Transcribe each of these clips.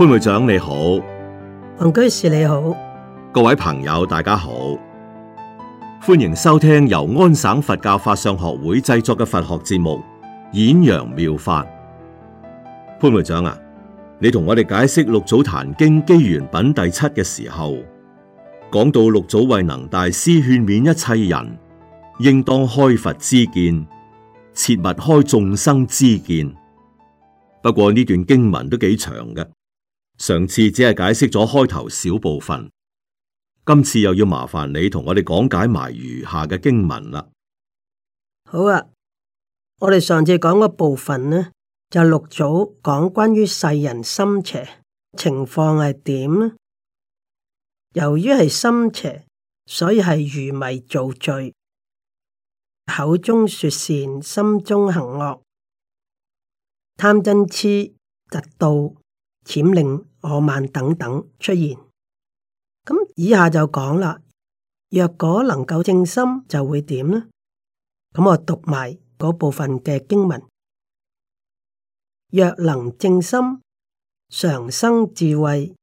潘會長你好，黃居士你好，各位朋友大家好，歡迎收聽由安省佛教法相學會製作嘅佛學節目《演揚妙法》。潘會長啊，你同我哋解釋六祖壇經機緣品第七嘅時候，講到六祖慧能大師勸勉一切人，應當開佛之見，切勿開眾生之見。不過呢段經文都幾長嘅。上次只係解釋咗開頭小部分，今次又要麻煩你同我哋講解埋餘下嘅經文啦。好啊，我哋上次講嗰部分呢，就六祖講關於世人心邪情況係點呢？由於係心邪，所以係愚迷造罪，口中說善，心中行惡，貪嗔痴，嫉妒淺令。我慢等等出現，咁以下就講啦。若果能夠正心，就會點呢？咁我讀埋嗰部分嘅經文。若能正心，常生智慧，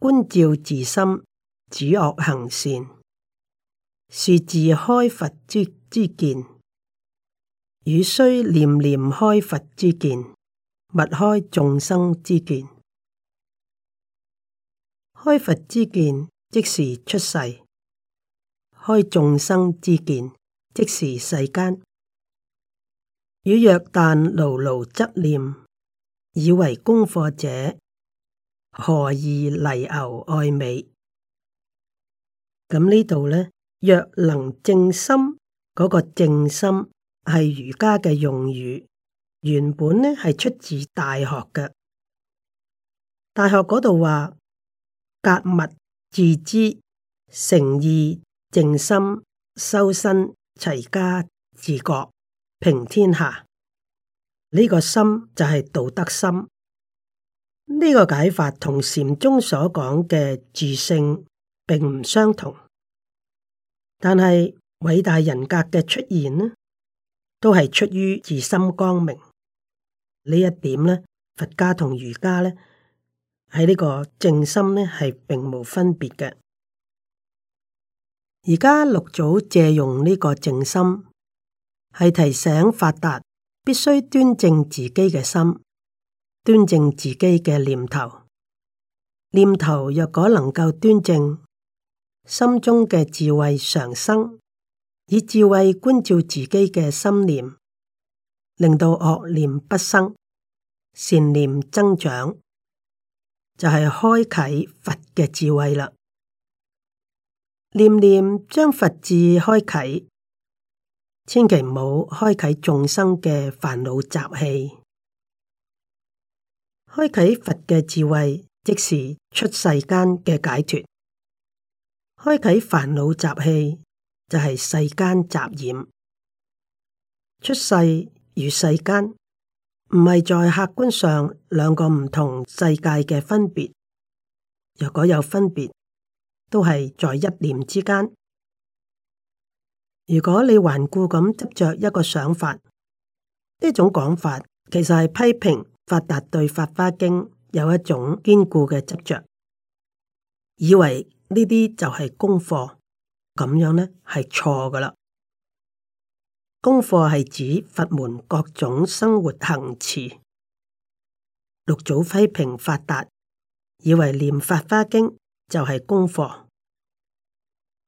觀照自心，止惡行善，是自開佛之知見。與須念念開佛之見，勿開眾生之見。開佛之見，即是出世；開眾生之見，即是世間。與若但牢牢執念，以為功課者，何以泥牛愛美？咁呢度呢，若能正心，嗰個正心係儒家嘅用語，原本呢係出自大學嘅。大學嗰度話。格物、自知、誠意、正心、修身、齊家、治國、平天下。呢個心就係道德心。呢個解法同禪宗所講嘅自性並唔相同，但係偉大人格嘅出現呢，都係出於自心光明呢一點呢。佛家同儒家呢？喺呢個靜心呢，係並無分別嘅。而家六祖借用呢個靜心，係提醒發達必須端正自己嘅心，端正自己嘅念頭。念頭若果能夠端正，心中嘅智慧常生，以智慧觀照自己嘅心念，令到惡念不生，善念增長。就係開啟佛嘅智慧啦，念念將佛智開啟，千祈唔好開啟眾生嘅煩惱習氣。開啟佛嘅智慧，即是出世間嘅解脫，開啟煩惱習氣，就係世間雜染。出世與世間，唔係在客觀上兩個唔同世界嘅分別，若果有分別，都係在一念之間。如果你頑固咁執着一個想法，呢種講法其實係批評法達對《法華經》有一種堅固嘅執着，以為呢啲就係功課，咁樣呢係錯㗎喇。功課係指佛門各種生活行持。六祖批評法達以為念《法華經》就係功課，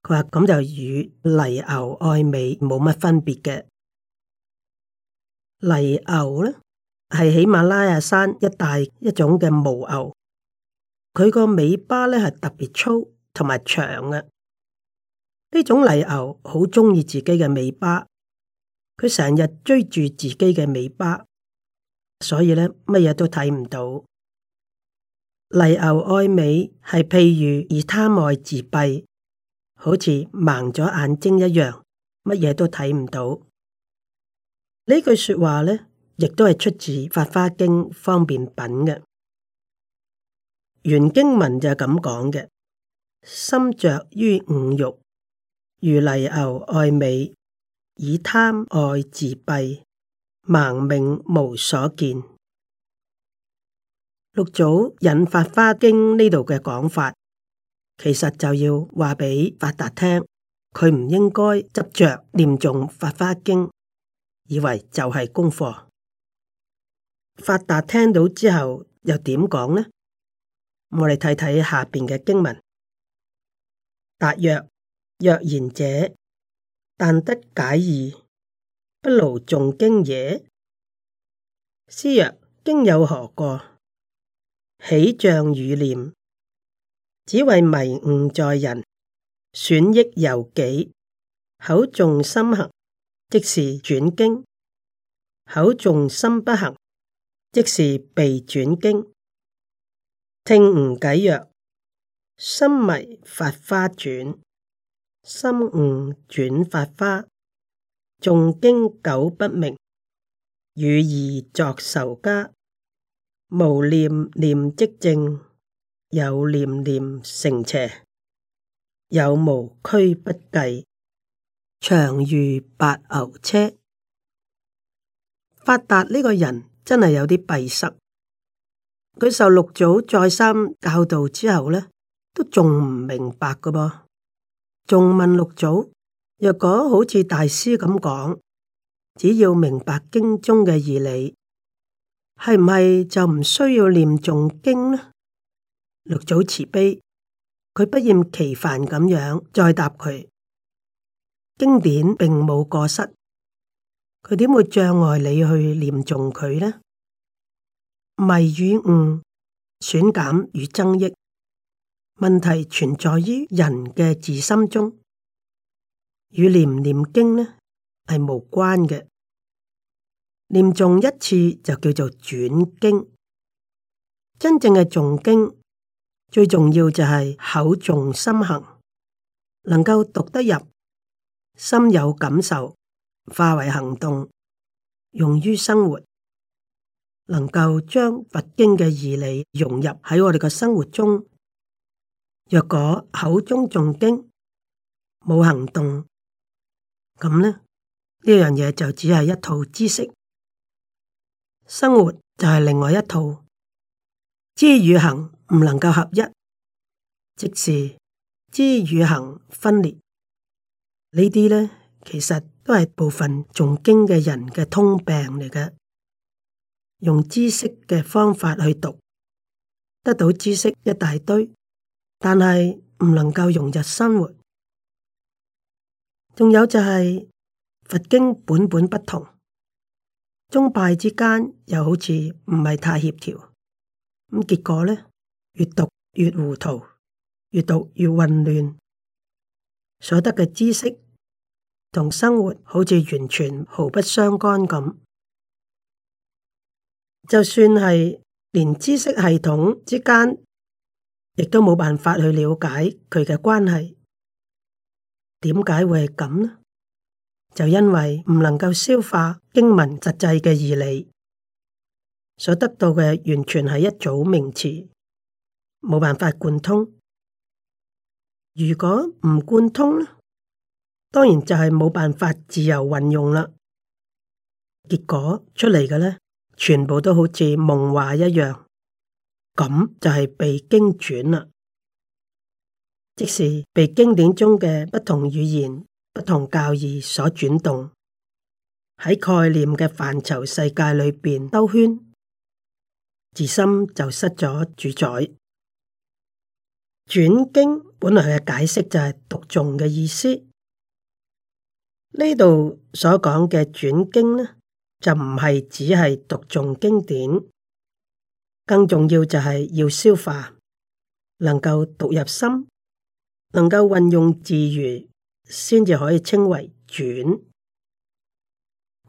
佢話咁就與泥牛愛美冇乜分別嘅。泥牛咧係喜馬拉雅山一帶一種嘅毛牛，佢個尾巴咧係特別粗同埋長嘅。呢種泥牛好鍾意自己嘅尾巴。佢成日追住自己嘅尾巴，所以咧乜嘢都睇唔到。泥牛愛美，係譬如以貪愛自閉，好似盲咗眼睛一樣，乜嘢都睇唔到。句呢句說話咧，亦都係出自《法花經》方便品嘅原經文就係咁講嘅：心着於五欲，如泥牛愛美。以貪愛自蔽，盲命無所見。六祖引法華經呢度嘅講法，其實就要話畀法達聽，佢唔應該執着念誦法華經，以為就係功課。法達聽到之後又點講呢？我哋睇睇下邊嘅經文。達曰：若然者。但得解義，不勞誦經也。師曰：經有何過？起障與念，只為迷誤在人，損益由己。口誦心行，即是轉經；口誦心不行，即是被轉經。聽吾偈曰：心迷法花轉。心悟轉法華，誦經久不明，與義作仇家。無念念即正，有念念成邪。有無俱不計，長御白牛車。法達呢個人真係有啲閉塞，佢受六祖再三教導之後呢都仲唔明白㗎噃。仲問六祖，若果好似大師咁講，只要明白經中嘅義理，係唔係就唔需要念誦經呢？六祖慈悲，佢不厭其煩咁樣再答佢，經典並冇過失，佢點會障礙你去念誦佢呢？迷與悟，損減與增益。問題存在於人嘅自心中，與念唔念經呢係無關嘅。念誦一次就叫做轉經，真正嘅誦經最重要就係口誦心行，能夠讀得入，心有感受，化為行動，用於生活，能夠將佛經嘅義理融入喺我哋嘅生活中。若果口中誦經冇行動，咁呢，呢樣嘢就只係一套知識，生活就係另外一套。知與行唔能夠合一，即是知與行分裂。呢啲咧其實都係部分誦經嘅人嘅通病嚟嘅。用知識嘅方法去讀，得到知識一大堆。但係唔能夠融入生活，仲有就係、是、佛經本本不同，宗派之間又好似唔係太協調，咁結果呢，越讀越糊塗，越讀越混亂，所得嘅知識同生活好似完全毫不相干咁，就算係連知識系統之間，亦都冇辦法去了解佢嘅關係，點解會係咁呢？就因為唔能夠消化經文實際嘅義理，所得到嘅完全係一組名詞，冇辦法貫通。如果唔貫通呢，當然就係冇辦法自由運用啦。結果出嚟嘅呢，全部都好似夢話一樣。咁就係被經轉啦，即是被經典中嘅不同語言、不同教義所轉動，喺概念嘅範疇世界裏邊兜圈，自心就失咗主宰。轉經本來嘅解釋就係讀誦嘅意思，呢度所講嘅轉經呢，就唔係只係讀誦經典。更重要就係要消化，能夠讀入心，能夠運用自如，先至可以稱為轉。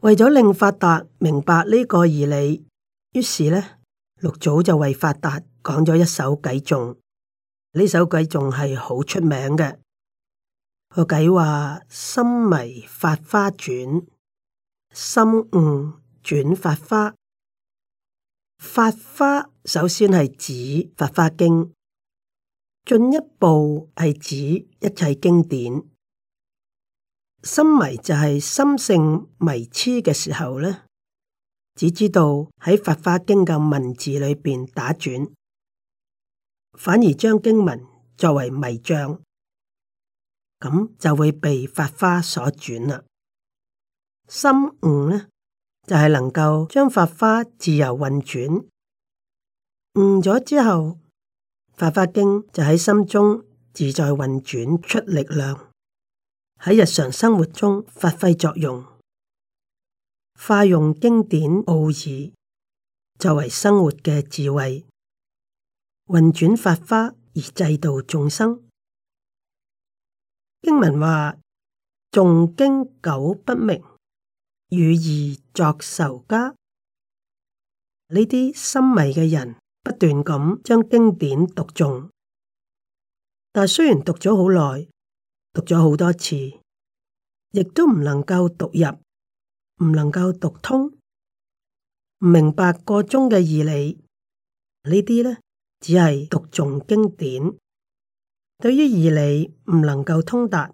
為咗令法達明白呢個義理，於是呢，六祖就為法達講咗一首偈頌。呢首偈頌係好出名嘅，個偈話：心迷法花轉，心悟轉法花。法花首先係指法花經，進一步係指一切經典。心迷就係心性迷痴嘅時候呢，只知道喺法花經嘅文字裏邊打轉，反而將經文作為迷障，咁就會被法花所轉啦。心悟呢，就係能夠將法花自由運轉，悟、嗯、咗之後，法花經就喺心中自在運轉出力量，喺日常生活中發揮作用，化用經典奧義作為生活嘅智慧，運轉法花而制度眾生。經文話：眾經久不明。與義作仇家，呢啲深迷嘅人不斷咁將經典讀誦，但係雖然讀咗好耐，讀咗好多次，亦都唔能夠讀入，唔能夠讀通，唔明白個中嘅義理，呢啲呢，只係讀誦經典，對於義理唔能夠通達。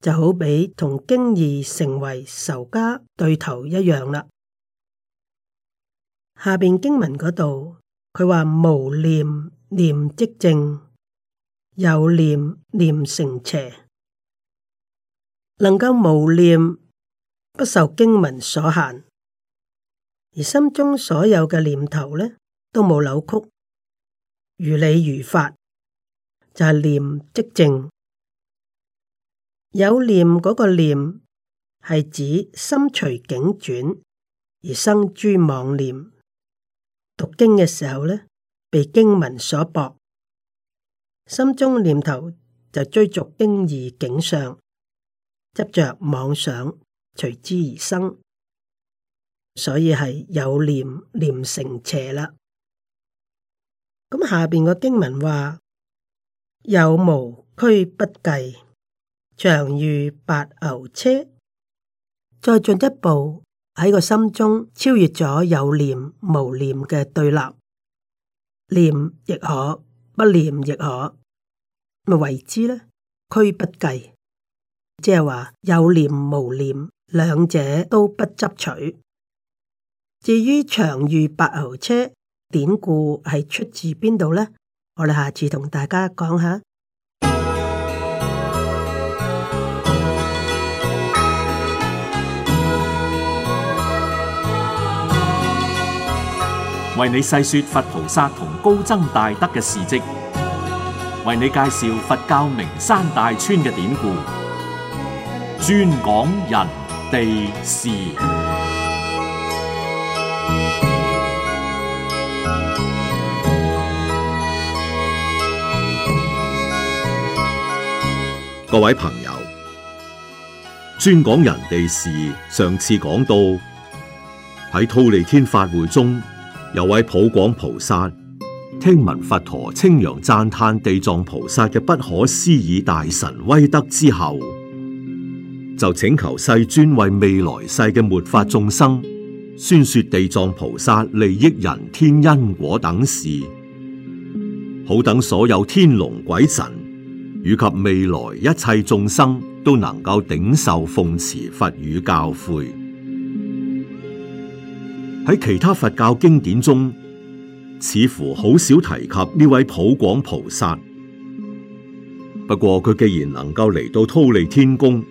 就好比同經義成為仇家對頭一樣啦。下邊經文嗰度，佢話無念念即正，有念念成邪。能夠無念，不受經文所限，而心中所有嘅念頭呢，都冇扭曲，如理如法，就係念即正。有念嗰個念係指心隨境轉而生諸妄念，讀經嘅時候呢，被經文所薄，心中念頭就追逐經義境相，執着妄想隨之而生，所以係有念念成邪啦。咁下邊個經文話有無拘不計。長御白牛車，再進一步喺個心中超越咗有念無念嘅對立，念亦可，不念亦可，咪為之呢？俱不計，即係話有念無念兩者都不執取。至於長御白牛車典故係出自邊度呢？我哋下次同大家講下。為你細說佛菩薩同高僧大德嘅事跡，為你介紹佛教名山大川嘅典故，專講人地事。各位朋友，專講人地事。上次講到喺忉利天法會中。有位普廣菩薩聽聞佛陀稱揚讚歎地藏菩薩嘅不可思議大神威德之後，就請求世尊為未來世嘅末法眾生宣說地藏菩薩利益人天因果等事，好等所有天龍鬼神以及未來一切眾生都能夠頂受奉持佛語教誨。喺其他佛教經典中，似乎好少提及呢位普廣菩薩。不過佢既然能夠嚟到忉利天宮，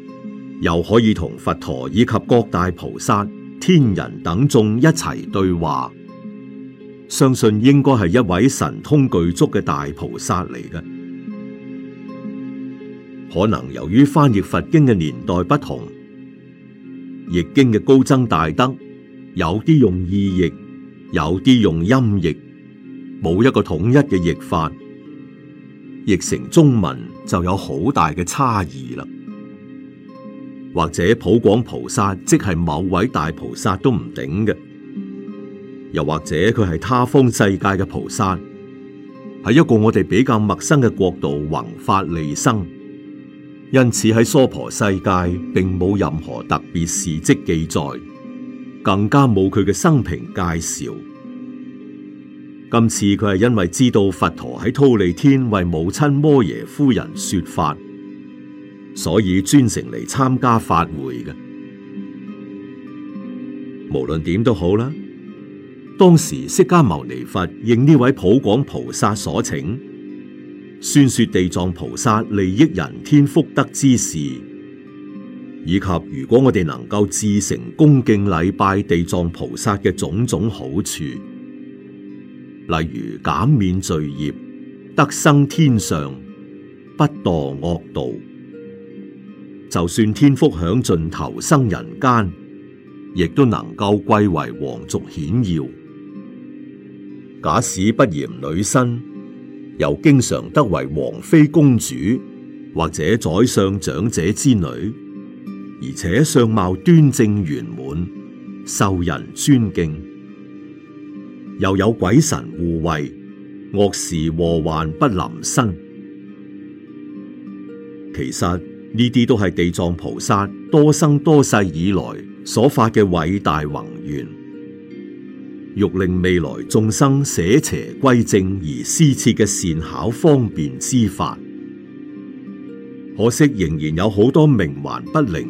又可以同佛陀以及各大菩薩、天人等眾一齊對話，相信應該係一位神通具足嘅大菩薩嚟嘅。可能由於翻譯佛經嘅年代不同，譯經嘅高僧大德，有啲用意譯，有啲用音譯，冇一個統一嘅譯法，譯成中文就有好大嘅差異啦。或者普廣菩薩即係某位大菩薩都唔頂嘅，又或者佢係他方世界嘅菩薩，係一個我哋比較陌生嘅國度弘法利生，因此喺娑婆世界並冇任何特別事跡記載。更加冇佢嘅生平介紹。今次佢係因為知道佛陀喺忉利天為母親摩耶夫人說法，所以專程嚟參加法會嘅。無論點都好啦，當時釋迦牟尼佛應呢位普廣菩薩所請，宣說地藏菩薩利益人天福德之事。以及如果我哋能夠至誠恭敬禮拜地藏菩薩嘅種種好處，例如減免罪孽、得生天上、不墮惡道，就算天福享盡頭生人間，亦都能夠歸為皇族顯耀。假使不嫌女身，又經常得為皇妃、公主或者宰相長者之女。而且相貌端正圓滿，受人尊敬，又有鬼神護衛，惡事禍患不臨身。其實呢啲都係地藏菩薩多生多世以來所發嘅偉大宏願，欲令未來眾生捨邪歸正而施設嘅善巧方便之法。可惜仍然有好多冥頑不靈，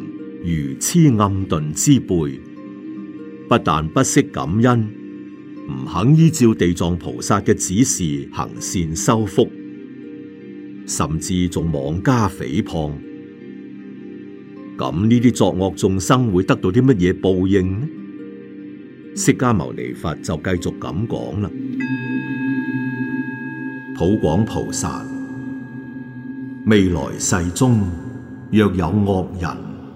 如癡暗遁之輩，不但不惜感恩，唔肯依照地藏菩薩嘅指示行善修福，甚至仲妄加誹謗。咁呢啲作惡眾生會得到啲乜嘢報應呢？釋迦牟尼佛就繼續咁講啦：普廣菩薩，未來世中若有惡人，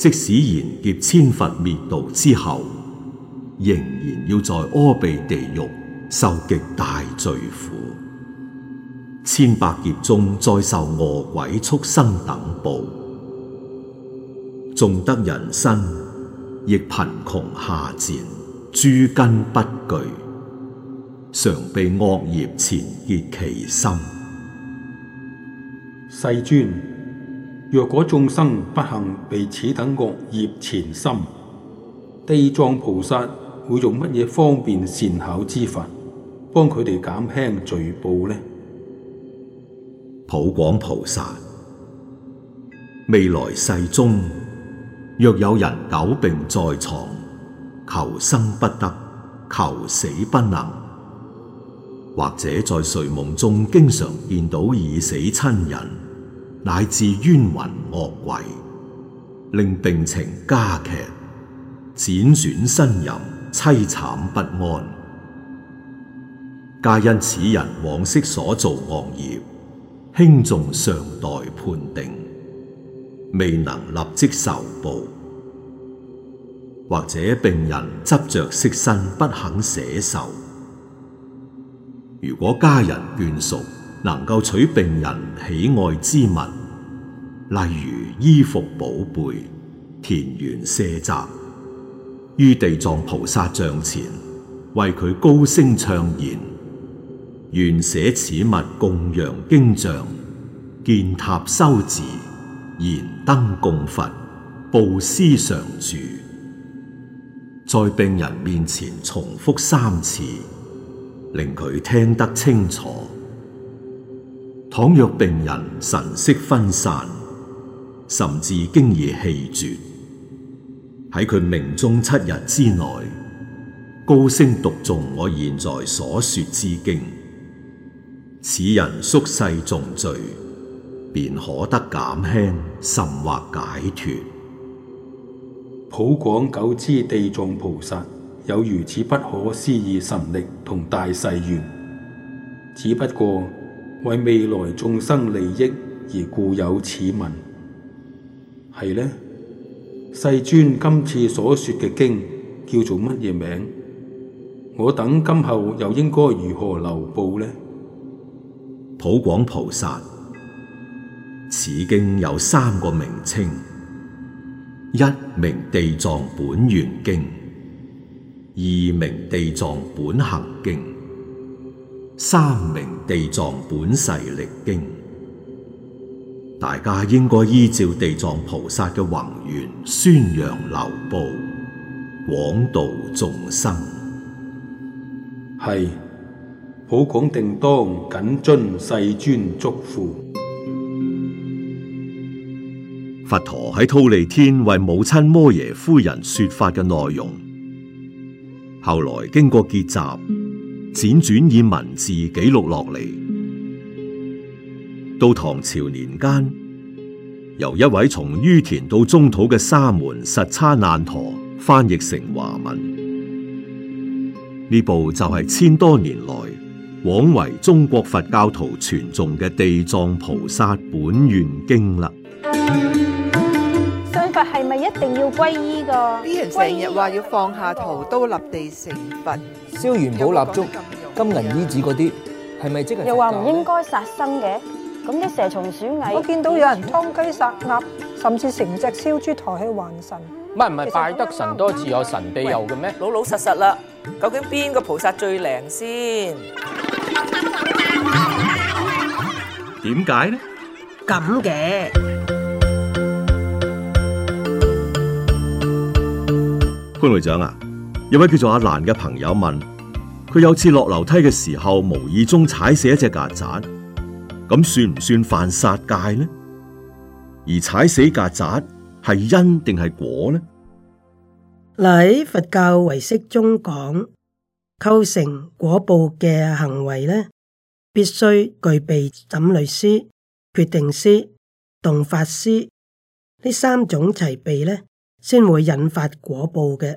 即使賢劫千佛滅度之後，仍然要在阿鼻地獄受極大罪苦，千百劫中再受餓鬼畜生等報，縱得人身亦貧窮下賤，諸根不具，常被惡業纏結其心。世尊。若果眾生不幸被此等惡業纏身，地藏菩薩會用乜嘢方便善巧之法幫佢哋減輕罪報呢？普廣菩薩，未來世中，若有人久病在床，求生不得，求死不能，或者在睡夢中經常見到已死親人。乃至冤魂惡鬼，令病情加劇，輾轉呻吟，凄慘不安。皆因此人往昔所做惡業，輕重尚待判定，未能立即受報。或者病人執着色身，不肯捨受。如果家人眷屬，能夠取病人喜愛之物，例如衣服、寶貝、田園、舍宅，於地藏菩薩像前為佢高聲唱言，願捨此物供養經像，建塔修寺，燃燈供佛，布施常住，在病人面前重複三次，令佢聽得清楚。倘若病人神色分散，甚至經已氣絕，喺佢命中七日之內，高聲讀誦我現在所說之經，此人宿世重罪，便可得減輕甚或解脫。普廣九知地藏菩薩有如此不可思議神力同大誓願，只不過。為未來眾生利益而故有此問，係呢？世尊今次所說嘅經叫做乜嘢名？我等今後又應該如何流布呢？普廣菩薩，此經有三個名稱：一名《地藏本願經》，二名《地藏本行經》。《三名地藏本誓力經》，大家應該依照地藏菩薩嘅宏願宣揚流布，廣度眾生，係普廣，定當謹遵世尊囑咐。佛陀喺忉利天為母親摩耶夫人說法嘅內容，後來經過結集，輾轉以文字記錄落嚟，嗯、到唐朝年間，由一位從于闐到中土嘅沙門實叉難陀翻譯成華文，呢、嗯、部就係千多年來廣為中國佛教徒傳誦嘅《地藏菩薩本願經》啦。信佛係咪一定要皈依噶？啲依人成日話要放下屠刀立地成佛。燒元寶蠟燭、金銀衣紙嗰啲，係咪即係？又話唔應該殺生嘅，咁啲蛇蟲鼠蟻，我見到有人劏雞殺鴨，甚至成隻燒豬抬去還神。唔係唔係，拜得神多自有神庇佑嘅咩？老老實實啦，究竟邊個菩薩最靈先？點解呢？咁嘅，潘會長啊！有位叫做阿蘭嘅朋友問：佢有次落樓梯嘅時候，無意中踩死一隻曱甴，咁算唔算犯殺戒呢？而踩死曱甴係因定係果呢？喺佛教唯識中講，構成果報嘅行為呢，必須具備審慮思、決定思、動發思呢三種齊備呢，先會引發果報嘅。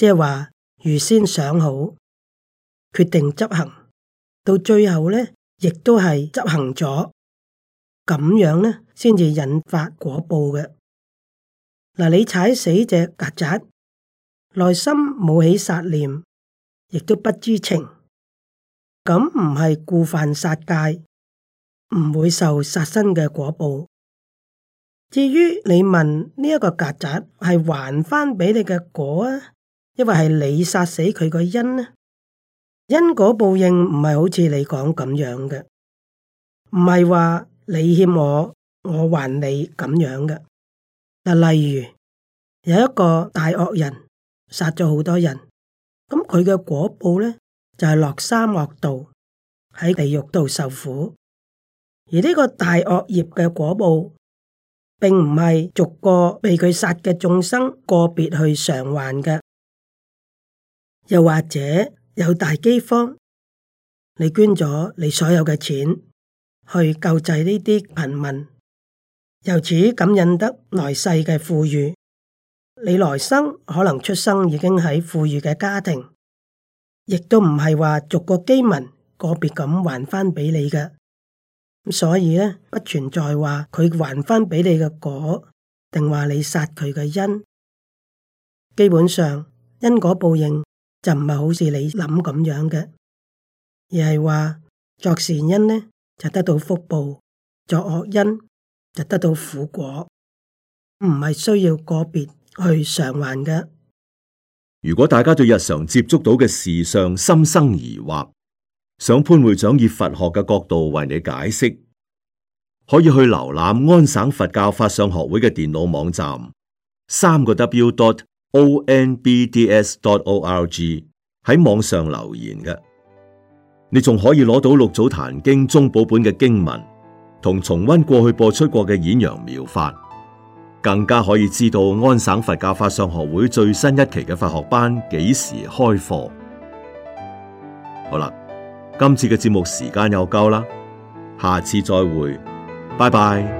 即係話預先想好，決定執行，到最後咧，亦都係執行咗，咁樣咧先至引發果報嘅。嗱、啊，你踩死隻曱甴，內心冇起殺念，亦都不知情，咁唔係故犯殺戒，唔會受殺身嘅果報。至於你問呢一、這個曱甴係還翻俾你嘅果啊？因為係你殺死佢個因呢？因果報應唔係好似你講咁樣嘅，唔係話你欠我，我還你咁樣嘅。嗱，例如有一個大惡人殺咗好多人，咁佢嘅果報呢，就係落三惡道，喺地獄度受苦。而呢個大惡業嘅果報，並唔係逐個被佢殺嘅眾生個別去償還嘅。又或者有大饑荒，你捐咗你所有嘅錢去救濟呢啲貧民，由此感應得來世嘅富裕。你來生可能出生已經喺富裕嘅家庭，亦都唔係話逐個饑民個別咁還翻俾你嘅。所以咧，不存在話佢還翻俾你嘅果，定話你殺佢嘅因。基本上因果報應。就唔係好似你諗咁樣嘅，而係話作善因呢，就得到福報，作惡因就得到苦果，唔係需要個別去償還嘅。如果大家對日常接觸到嘅事上心生疑惑，想潘會長以佛學嘅角度為你解釋，可以去瀏覽安省佛教法相學會嘅電腦網站，三個 W dot O N B D S. dot O R G，喺網上留言嘅，你仲可以攞到六祖壇經中寶本嘅經文，同重温過去播出過嘅演揚妙法，更加可以知道安省佛教法相學會最新一期嘅法學班幾時開課。好啦，今次嘅節目時間又夠啦，下次再會，拜拜。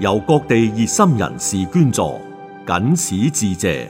由各地熱心人士捐助，謹此致謝。